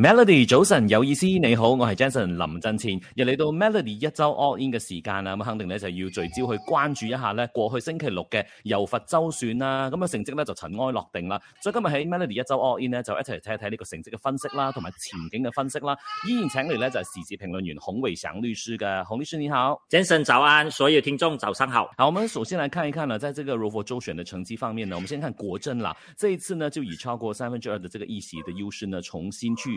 Melody 早晨有意思，你好，我是 Jason 林振前。又來到 Melody 一周 all in 的時間啦，咁、嗯、肯定咧就要聚焦去關注一下咧過去星期六的柔佛州選啦、啊。咁、嗯、嘅成績咧就塵埃落定啦。所以今日喺 Melody 一周 all in 咧，就一齊嚟睇一睇呢個成績嘅分析啦，同埋前景嘅分析啦。依然請嚟咧就係、是、時事評論員洪偉祥律師嘅，洪律師，你好，Jason 早安，所有聽眾早上好。好，我們首先來看一看呢在這個 r o 柔佛州選的成績方面呢，我們先看國陣啦。這一次呢就以超過三分之二的這個議席的優勢呢，重新去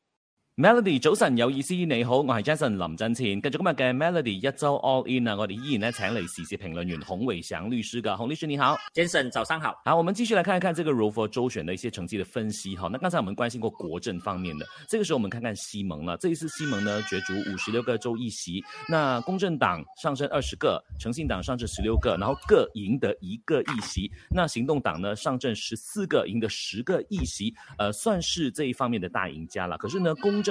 Melody 早晨有意思，你好，我係 Jason 林振前。跟住今日嘅 Melody 一周 All In 啊，我哋依然咧請嚟時事評論員洪偉祥律師噶，洪律師你好，Jason 早上好。好，我們繼續來看一看這個柔佛州選的一些成績的分析哈。那剛才我們關心過國陣方面的，這個時候我們看看西蒙啦。這一次西蒙呢角逐五十六個州議席，那公正黨上陣二十個，誠信黨上陣十六個，然後各贏得一個議席。那行動黨呢上陣十四個，贏得十個議席，呃，算是這一方面的大贏家啦。可是呢公正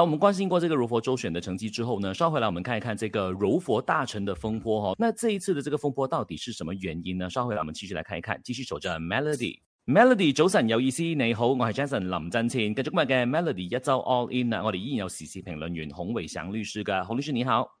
好，我們關心過這個柔佛周選的成績之後呢，稍回來我們看一看這個柔佛大成的風波哈、哦。那這一次的這個風波到底是什麼原因呢？稍回來我們繼續來看一看，繼續守着 Melody，Melody mel 早晨有意思，你好，我是 Jason 林真前。跟續今嘅 Melody 一早 All In 啊，我哋依然有 CC 評論員洪偉祥律師噶，洪律師你好。